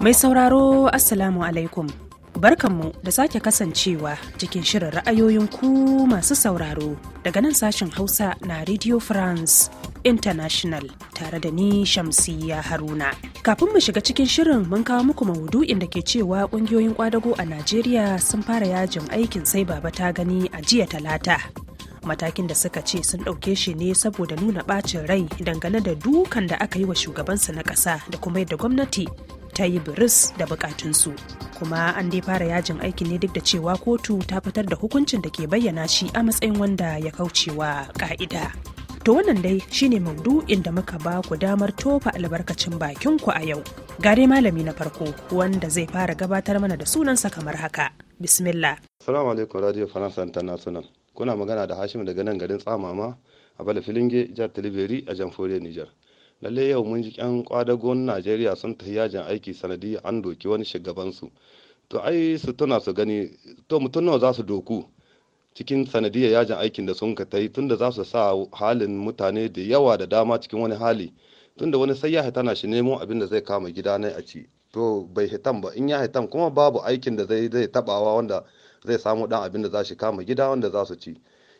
Mai sauraro Assalamu alaikum. Barkanmu da sake kasancewa cikin shirin ra'ayoyin ku masu sauraro daga nan sashen Hausa na Radio France International tare da ni Shamsiyya Haruna. Kafin mu shiga cikin shirin mun kawo muku maudu'in da ke cewa ƙungiyoyin kwadago a Najeriya sun fara yajin aikin sai baba ta gani a jiya talata matakin da suka ce sun ɗauke shi ne saboda nuna ɓacin rai dangane da dukan da aka yi wa shugabansu na ƙasa da kuma yadda gwamnati ta yi biris da bukatunsu kuma an dai fara yajin aiki ne duk da cewa kotu ta fitar da hukuncin da ke bayyana shi a matsayin wanda ya kaucewa ka'ida to wannan dai shine maudu inda muka ba ku damar tofa albarkacin bakin ku a yau gare malami na farko wanda zai fara gabatar mana da sunansa kamar haka bismillah assalamu alaikum radio faransa international Kuna magana da Hashim daga nan garin Tsamama a Bala Filinge, jihar Talabiri a Jamhuriyar Nijar. Lalle yau mun ji kyan kwadagon Najeriya sun tafi yajin aiki sanadi an doki wani shugabansu. To ai su tuna su gani to mutum nawa za su doku cikin sanadiyar yajin aikin da sun ka ta tun tunda za su sa halin mutane da yawa da dama cikin wani hali tunda wani sai ya na shi nemo abin da zai kama gida a ci. to bai hitan ba in ya hitan kuma babu aikin da zai zai tabawa wanda zai samu dan abin da za shi kama gida wanda za su ci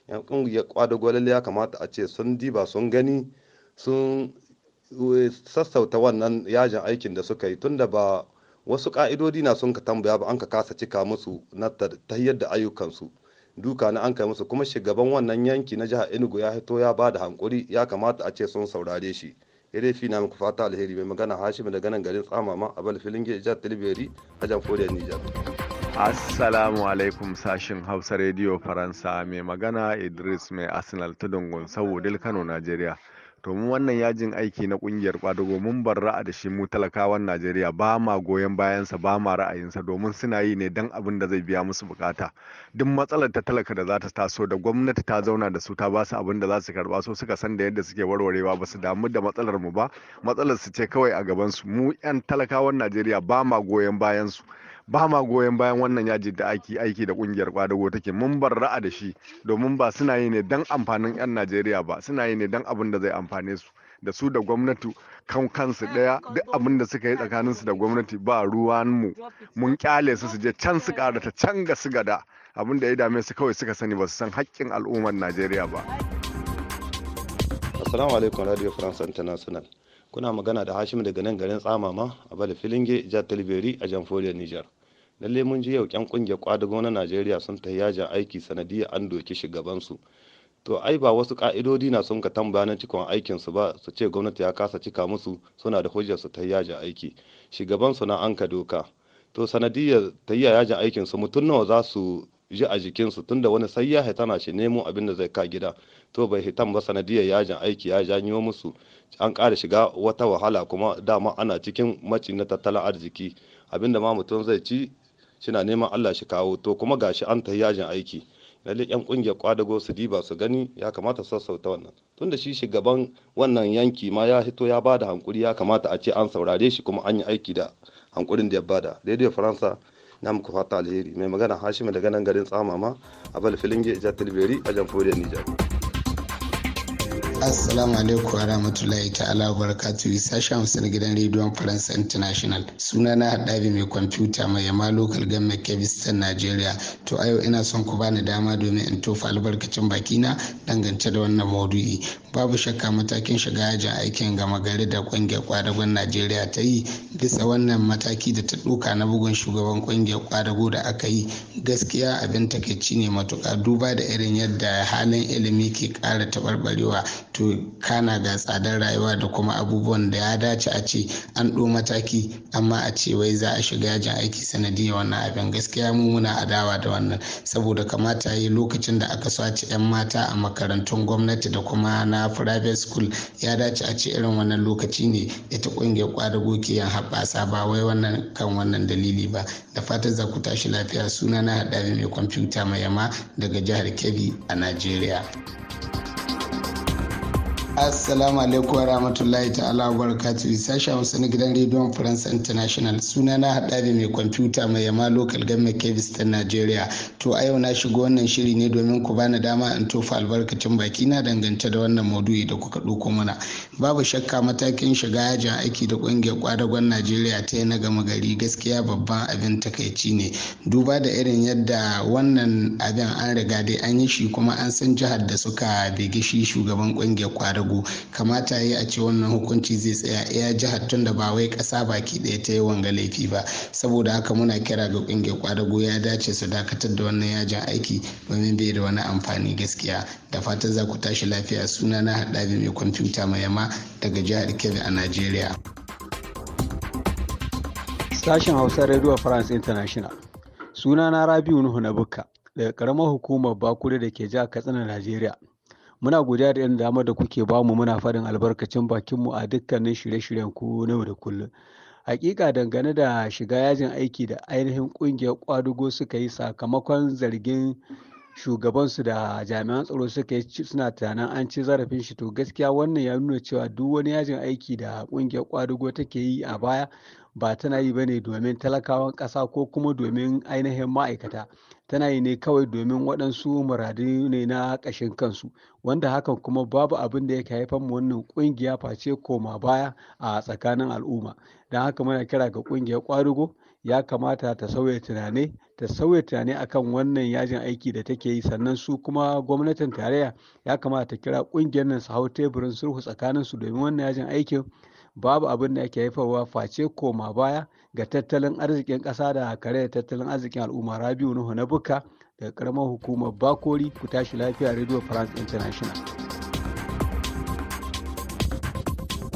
yan kungiyar kwada gwalalle ya kamata a ce sun diba sun gani sun eh, sassauta wannan yajin aikin da suka yi tunda ba wasu ka'idodi na sun ka tambaya ba an ka kasa cika musu na ta yadda ayyukansu duka na an kai musu kuma shugaban wannan yanki na jihar enugu ya hito ya ba da hankuri ya kamata a ce sun saurare shi fi na muku fata alheri mai magana hashim da nan garin tsamama a bal filin jihar tilberi a jamhuriyar nijar Assalamu alaikum sashin Hausa Radio Faransa mai magana Idris mai Arsenal ta Dungun saboda Kano Najeriya. domin wannan yajin aiki na kungiyar kwadago mun bar ra'a da shi mu talakawan najeriya ba ma goyon bayansa ba ma ra'ayinsa domin suna yi ne don abin da zai biya musu bukata duk matsalar ta talaka da za ta taso da gwamnati ta zauna da su ta ba su abin da za su karba so suka san da yadda suke warwarewa ba su damu da matsalar mu ba matsalar su ce kawai a gaban su mu yan talakawan najeriya ba ma goyon bayansu ba ma goyon bayan wannan yaji da aiki aiki da kungiyar kwadago take mun bar ra'a da shi domin ba suna yi ne dan amfanin yan najeriya ba suna yi ne dan abin da zai amfane su da su da gwamnati kan kansu daya duk abin da suka yi tsakanin su da gwamnati ba ruwan mu mun kyale su su je can su ta can ga su gada abin da ya dame su kawai suka sani ba su san haƙƙin al'ummar najeriya ba assalamu alaikum radio france international kuna magana da hashim daga nan garin tsamama a bala filinge jihar talibiri a jamhuriyar niger na mun ji yau kyan kungiyar kwadago na najeriya sun ta yajin aiki sanadiyar an doki shugabansu to ai ba wasu ka'idodi na sun ka tambaya na cikon aikinsu ba su ce gwamnati ya kasa cika musu suna da hujjar su ta yajin aiki shugabansu na an ka doka to sanadiyar ta yajin aikin su mutum nawa za su ji a jikinsu tunda wani sai ya hitana shi nemo abin da zai ka gida to bai hitan ba sanadiyar yajin aiki ya janyo musu an ƙara shiga wata wahala kuma dama ana cikin maci na tattalin arziki abinda ma mutum zai ci shina neman Allah shi kawo to kuma gashi an tafi yajin aiki lalle yan kungiyar kwadago su diba su gani ya kamata su sassauta wannan tunda shi shugaban wannan yanki ma ya hito ya bada hankuri ya kamata a ce an saurare shi kuma an yi aiki da hankurin da ya bada daidai faransa na muku fata alheri mai magana hashima daga nan garin tsamama a filinge tilberi a jamhuriyar nijar Assalamu alaikum wa rahmatullahi ta'ala wa barakatuhu sashen hamsin na gidan rediyon Faransa International. Suna na haɗari mai kwamfuta mai yamma local government Kebistan Najeriya. To a yau ina son ku bani dama domin in tofa albarkacin bakina dangance da wannan maudu'i. Babu shakka matakin shiga yajin aikin gama gari da ƙungiyar kwadagon Najeriya ta yi bisa wannan mataki da ta ɗauka na bugun shugaban ƙungiyar kwadago da aka yi gaskiya abin takaici ne matuƙa duba da irin yadda halin ilimi ke ƙara taɓarɓarewa to kana ga tsadar rayuwa da kuma abubuwan da ya dace a ce an ɗo mataki amma a ce wai za a shiga yajin aiki sanadiya wannan abin gaskiya mu muna adawa da wannan saboda kamata yi lokacin da aka sace 'yan mata a makarantun gwamnati da kuma na private school ya dace a ce irin wannan lokaci ne ita ƙungiyar kwadago ke yan haɓasa ba wai wannan kan wannan dalili ba da fatan za ku tashi lafiya suna na haɗari mai kwamfuta mai yama daga jihar kebbi a najeriya Assalamu alaikum warahmatullahi ta'ala barakatuhu sashi Hausa na gidan rediyon France International suna na hada da mai kwamfuta mai yama lokal government kebis ta Najeriya to a yau na shigo wannan shiri ne domin ku bani dama in tofa albarkacin baki na dangance da wannan maudu'i da kuka ɗauko mana babu shakka matakin shiga yajin aiki da ƙungiyar kwadagon Najeriya ta yi na gama gari gaskiya babban abin takaici ne duba da irin yadda wannan abin an riga dai an yi shi kuma an san jihar da suka bege shi shugaban ƙungiyar ƙwadagon. ragu kamata yi a ce wannan hukunci zai tsaya iya jihar tun da ba wai kasa baki ɗaya ta yi wanga laifi ba saboda haka muna kira ga ƙungiyar kwadago ya dace su dakatar da wannan yajin aiki domin bai da wani amfani gaskiya da fatan za ku tashi lafiya suna na da mai kwamfuta mai yama daga jihar kebbi a nigeria. sashen hausa radio france international suna na rabiu nuhu na bukka daga karamar hukumar bakure da ke jihar katsina nigeria. Muna godiya da yan damar da kuke bamu muna faɗin albarkacin bakinmu a dukkanin shirye-shiryen ku na da kullum. Hakika dangane da shiga yajin aiki da ainihin ƙungiyar kwadugo suka yi sakamakon zargin shugabansu da jami'an tsaro suka yi suna tunanin an ci zarafin shi to gaskiya wannan ya nuna cewa duk wani yajin aiki da kungiyar kwadugo take yi a baya ba tana yi bane domin talakawan ƙasa ko kuma domin ainihin ma'aikata tana yi ne kawai domin waɗansu muradu ne na ƙashin kansu wanda hakan kuma babu abin da yake haifar wannan ƙungiya face koma baya a tsakanin al'umma don haka muna kira ga ƙungiyar kwadugo ya kamata ta sauya tunani ta sauya tunani akan wannan yajin aiki da take yi sannan su kuma gwamnatin tarayya ya kamata ta kira kungiyar nan su hau teburin sulhu tsakanin su domin wannan yajin aikin babu abin da yake haifarwa face koma baya ga tattalin arzikin ƙasa da kare tattalin arzikin al'umma rabiu nuhu na buka daga karamar hukumar bakori ku tashi lafiya radio france international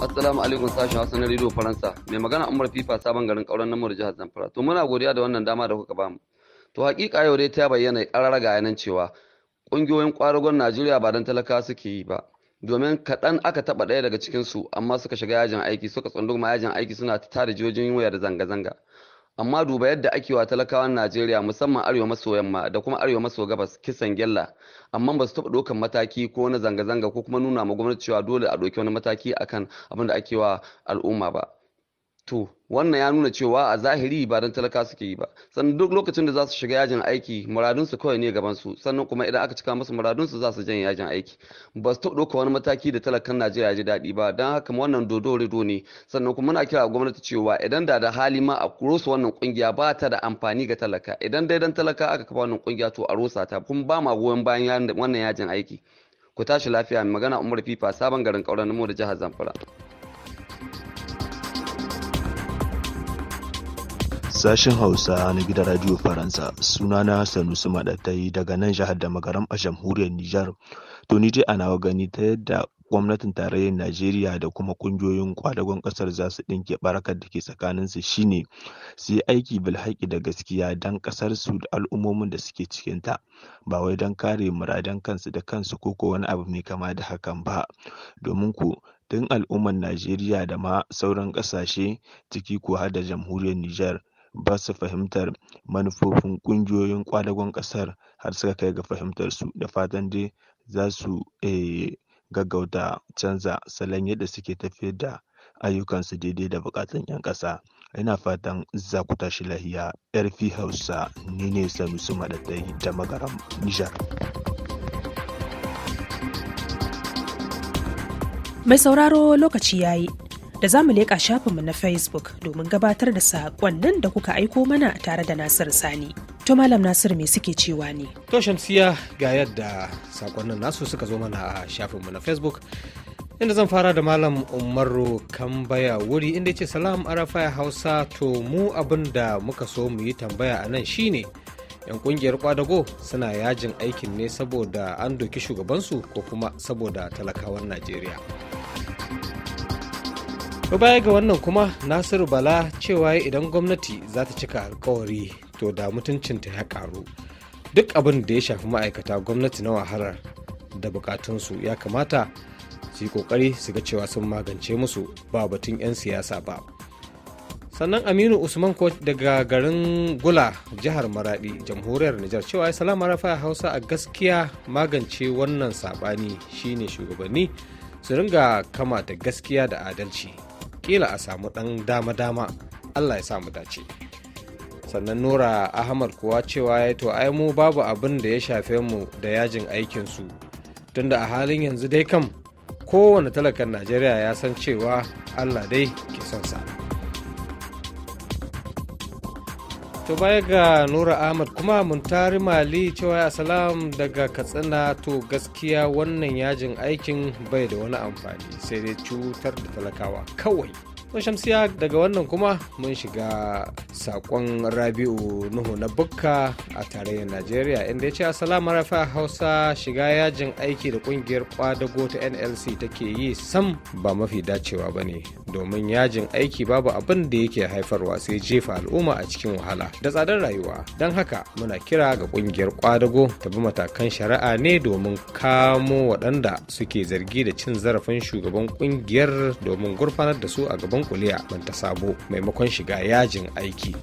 Assalamu alaikum sashen Hausa na Radio Faransa. Mai magana Umar Fifa sabon garin kauran namur jihar Zamfara. To muna godiya da wannan dama da kuka bamu. To hakika yau dai ta bayyana karara ga yanan cewa ƙungiyoyin kwaragon Najeriya ba dan talaka suke yi ba. Domin kaɗan aka taɓa ɗaya daga cikin su amma suka shiga yajin aiki suka tsunduma yajin aiki suna ta tare jojin waya da zanga-zanga. amma duba yadda ake wa talakawan najeriya musamman arewa maso yamma da kuma arewa maso gabas kisan gyalla amma ba su taɓa ɗaukan mataki ko na zanga-zanga ko kuma nuna ma gwamnati cewa dole a ɗauki wani mataki akan abin da ake wa al'umma ba to wannan ya nuna cewa a zahiri ba don talaka suke yi ba sannan duk lokacin da za su shiga yajin aiki muradunsu kawai ne gaban su sannan kuma idan aka cika musu muradunsu za su jan yajin aiki ba su ɗauka wani mataki da talakan najeriya ji daɗi ba don haka wannan dodo rido ne sannan kuma muna kira gwamnati cewa idan da da hali ma a rusa wannan kungiya ba ta da amfani ga talaka idan dai dan talaka aka kafa wannan kungiya to a rusa ta kuma ba ma goyon bayan wannan yajin aiki ku tashi lafiya magana umar fifa sabon garin kauran mu da jihar zamfara Sashen Hausa na gidan Radio Faransa sunana Sanusi Maɗatai daga nan jihar da magaram a jamhuriyar Nijar. To dai ana gani ta yadda gwamnatin tarayyar Najeriya da kuma kungiyoyin kwadagon ƙasar za su ɗinke barakar da ke tsakaninsu shine su yi aiki bilhaki da gaskiya don kasar su da al'ummomin da suke cikinta ba wai don kare muradan kansu da kansu ko ko wani abu mai kama da hakan ba domin ku tun al'ummar Najeriya da ma sauran ƙasashe ciki ko har da jamhuriyar Nijar ba su fahimtar manufofin ƙungiyoyin ƙwadagon ƙasar har suka kai ga fahimtar su da fatan dai za su eh, gaggauta canza salon yadda suke tafiyar da ayyukansu daidai da buƙatun 'yan ƙasa. Ina fatan za ku tashi lahiya. RP Hausa ni ne su maɗaɗɗai da Magaram Nijar. Mai sauraro lokaci ya yi. da za mu leƙa shafinmu na Facebook domin gabatar da saƙonnin da kuka aiko mana tare da Nasiru Sani. To Malam Nasiru me suke cewa ne? To Shamsiya ga yadda saƙonnin nasu suka zo mana a shafinmu na Facebook. Inda zan fara da Malam Umaru Kambaya wuri inda ce salam arafa Hausa to mu abin da muka so mu yi tambaya a nan shine 'yan kungiyar kwadago suna yajin aikin ne saboda an doki shugabansu ko kuma saboda talakawan najeriya to baya ga wannan kuma nasiru bala cewa idan gwamnati za ta cika alkawari to da mutuncinta ya karu duk abin da ya shafi ma'aikata gwamnati na wahalar da bukatunsu ya kamata su yi kokari su ga cewa sun magance musu ba batun 'yan siyasa ba sannan aminu usman ko daga garin gula jihar maradi jamhuriyar nijar cewa salama rafa hausa a gaskiya magance wannan sabani shine shugabanni su ringa kama da gaskiya da adalci kila a samu ɗan dama-dama allah ya samu dace sannan nura ahmad kuwa cewa ya to ai mu babu abin da ya shafe mu da yajin aikinsu tunda a halin yanzu dai kam kowane talakan najeriya ya san cewa allah dai ke son sa to baya ga nura ahmad kuma mun tari mali cewa asalam daga katsina to gaskiya wannan yajin aikin bai da wani amfani sai dai cutar da talakawa kawai to shamsiya daga wannan kuma mun shiga sakon rabi'u nuhu na bukka a tarayyar najeriya inda ya ce asalamu rafa hausa shiga yajin aiki da kungiyar kwadago ta nlc take yi sam ba mafi dacewa ba ne domin yajin aiki babu abin da yake haifarwa sai jefa al'umma a cikin wahala da tsadar rayuwa don haka muna kira ga kungiyar kwadago ta bi matakan shari'a ne domin kamo waɗanda suke zargi da cin zarafin shugaban kungiyar domin gurfanar da su a gaban dunkule a sabo maimakon shiga yajin aiki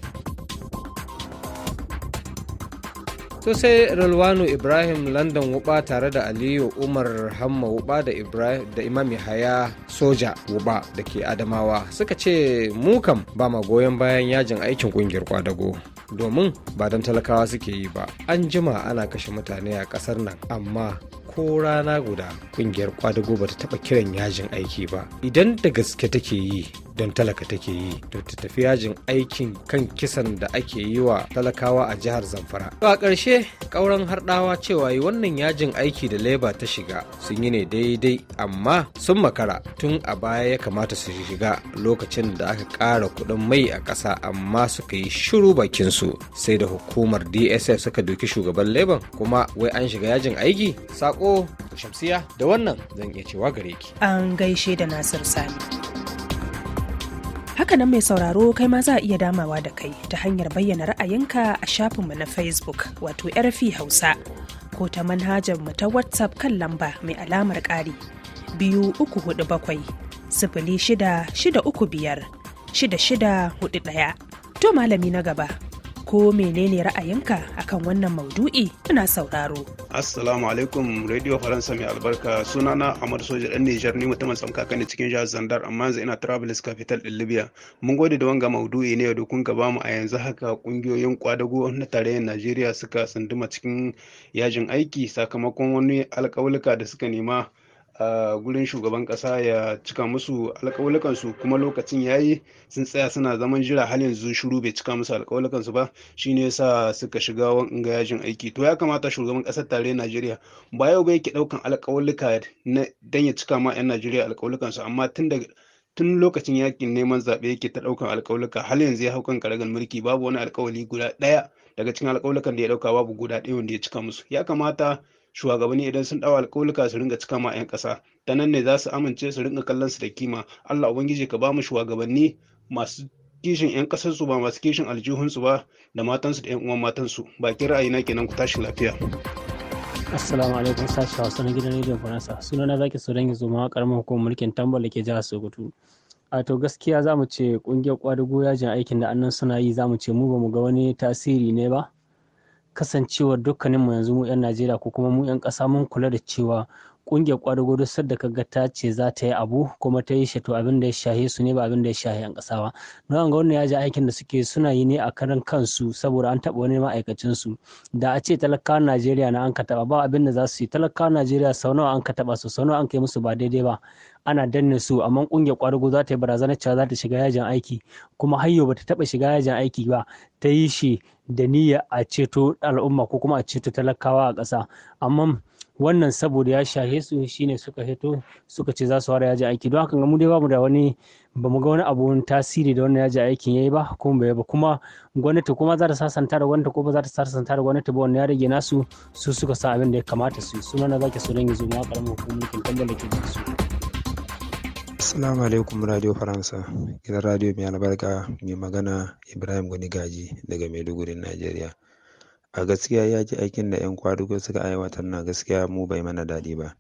to sai Ralwanu Ibrahim London Wuba tare da Aliyu Umar Hamma Wuba da Ibrahim da Imam Yahaya Soja Wuba da ke Adamawa suka ce mu kam ba ma goyon bayan yajin aikin kungiyar kwadago domin ba don talakawa suke yi ba an jima ana kashe mutane a kasar nan amma ko rana guda ƙungiyar kwadago ba ta taba kiran yajin aiki ba idan da gaske take yi don talaka take yi to ta tafi yajin aikin kan kisan da ake yi wa talakawa a jihar zamfara to a ƙarshe ƙauren harɗawa cewa yi wannan yajin aiki da leba ta shiga sun yi ne daidai amma sun makara tun a baya ya kamata su shiga lokacin da aka ƙara kuɗin mai a ƙasa amma suka yi shiru bakin su sai da hukumar dss suka doki shugaban leban kuma wai an shiga yajin aiki sako shamsiya da wannan zan iya cewa gare ki an gaishe da nasir sani Hakanan mai sauraro kai ma za a iya damawa da kai ta hanyar bayyana ra'ayinka a shafinmu na Facebook wato RFI Hausa ko ta manhajar mu ta WhatsApp kan lamba mai alamar ƙari biyu uku hudu bakwai sifili shida shida uku biyar shida shida hudu ɗaya. To malami na gaba. ko menene ra'ayinka akan wannan maudu'i ina sauraro. Assalamu alaikum Radio Faransa mai albarka sunana Amar Soja dan Nijar ni mutumin samkaka ne cikin jihar Zandar amma yanzu ina Travelers Capital din Libya. Mun gode da wanga maudu'i ne da kun gaba mu a yanzu haka kungiyoyin kwadago na tarayyar Najeriya suka tsunduma cikin yajin aiki sakamakon wani alƙawulka da suka nema a gurin shugaban kasa ya cika musu alƙawulukansu kuma lokacin ya yi sun tsaya suna zaman jira har yanzu shiru bai cika musu su ba Shi shine sa suka shiga wanga yajin aiki to ya kamata shugaban ƙasar tare Najeriya ba yau ba yake ɗaukan alƙawuluka dan ya cika ma 'yan Najeriya alƙawulukansu amma tun da tun lokacin yakin neman zaɓe yake ta ɗaukan alƙawulluka har yanzu ya hau kan karagar mulki babu wani alƙawali guda ɗaya daga cikin alƙawullukan da ya ɗauka babu guda ɗaya wanda ya cika musu ya kamata shugabanni idan sun dawo alƙawalika su ringa cika ma 'yan kasa ta nan ne za su amince su ringa kallon su da kima allah ubangiji ka ba mu shugabanni masu kishin 'yan su ba masu kishin aljihunsu ba da matansu da 'yan uwan matansu bakin ra'ayina kenan ku tashi lafiya. Assalamu alaikum sashi Hausa na gidan rediyon Faransa. Suna na zaki so dan yanzu ma karamin hukumar mulkin tambar da ke jihar Sokoto. A to gaskiya za mu ce kungiyar kwadugo yajin aikin da annan suna yi za mu ce mu ba mu ga wani tasiri ne ba. kasancewar dukkaninmu yanzu mu 'yan najeriya ko kuma mu 'yan ƙasa mun kula da cewa ƙungiyar kwadugo duk sadda kaga ta ce za ta yi abu kuma ta yi shato abin da ya shahe su ne ba abin da ya shahe yan ƙasa ba don ga wannan yaji aikin da suke suna yi ne a karan kansu saboda an taɓa wani ma'aikacin su da a ce talakawa najeriya na an ka taɓa ba abin da za su yi talakawan najeriya sau nawa an ka taɓa su sau nawa an kai musu ba daidai ba ana danne su amma kungiyar kwadugo za ta yi barazanar cewa za ta shiga yajin aiki kuma hayyo ba ta shiga yajin aiki ba ta yi shi da niyya a ceto al'umma ko kuma a ceto talakawa a ƙasa amma wannan saboda ya shahe su shine suka hito suka ce za su fara yaji aiki don haka mu dai bamu da wani ba mu ga wani abu tasiri da wannan yaji aikin yayi ba ko bai ba kuma gwamnati kuma za ta sasanta da gwamnati ko ba za ta sasanta da gwamnati ba wannan ya rage nasu su suka sa abin da ya kamata su suna na zaki so dan ma karamin hukumar kin da ke su Assalamu alaikum Radio Faransa, gidan radio mai albarka mai magana Ibrahim Gani Gaji daga Maiduguri, Najeriya. A gaskiya ya ji aikin da 'yan kwadugo suka aiwatar na gaskiya mu bai mana daɗi ba.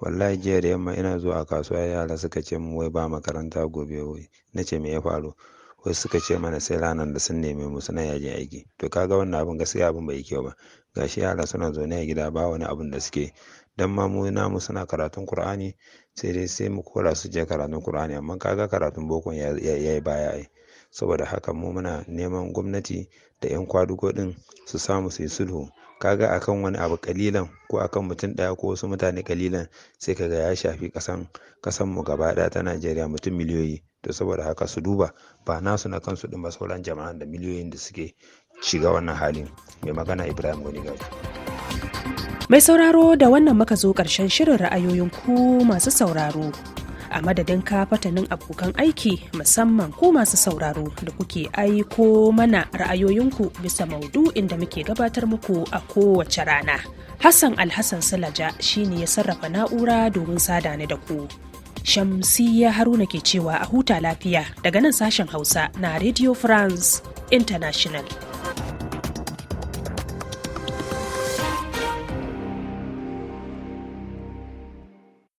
Wallahi jiya da yamma ina zuwa a kasuwa yara suka ce mu wai ba makaranta gobe wai na ce me ya faru wai suka ce mana sai ranar da sun neme mu suna yajin aiki to kaga wannan abin gaskiya abin bai kyau ba gashi yara suna zaune a gida ba wani abun da suke dan ma mu namu suna karatun Kur'ani sai dai sai mu kora su je karatun kur'ani amma kaga karatun boko ya yi baya ai saboda haka mu muna neman gwamnati da 'yan kwadugo din su samu su yi sulhu kaga akan wani abu kalilan ko akan mutum daya ko wasu mutane kalilan sai kaga ya shafi kasan kasan mu gaba daya ta Najeriya mutum miliyoyi to saboda haka su duba ba nasu na kansu din ba sauran jama'an da miliyoyin da suke shiga wannan halin mai magana Ibrahim Gonigaji. Mai sauraro da wannan muka zo ƙarshen shirin ra'ayoyin ku masu sauraro. A madadin ka fatanin abokan aiki musamman ku masu sauraro da kuke aiko mana ra'ayoyinku bisa maudu'in da muke gabatar muku a kowace rana. Hassan Alhassan Salaja shine ya sarrafa na'ura domin sada ni da ku. Shamsi Shamsiyya Haruna ke cewa a huta lafiya daga nan sashen Hausa na Radio France International.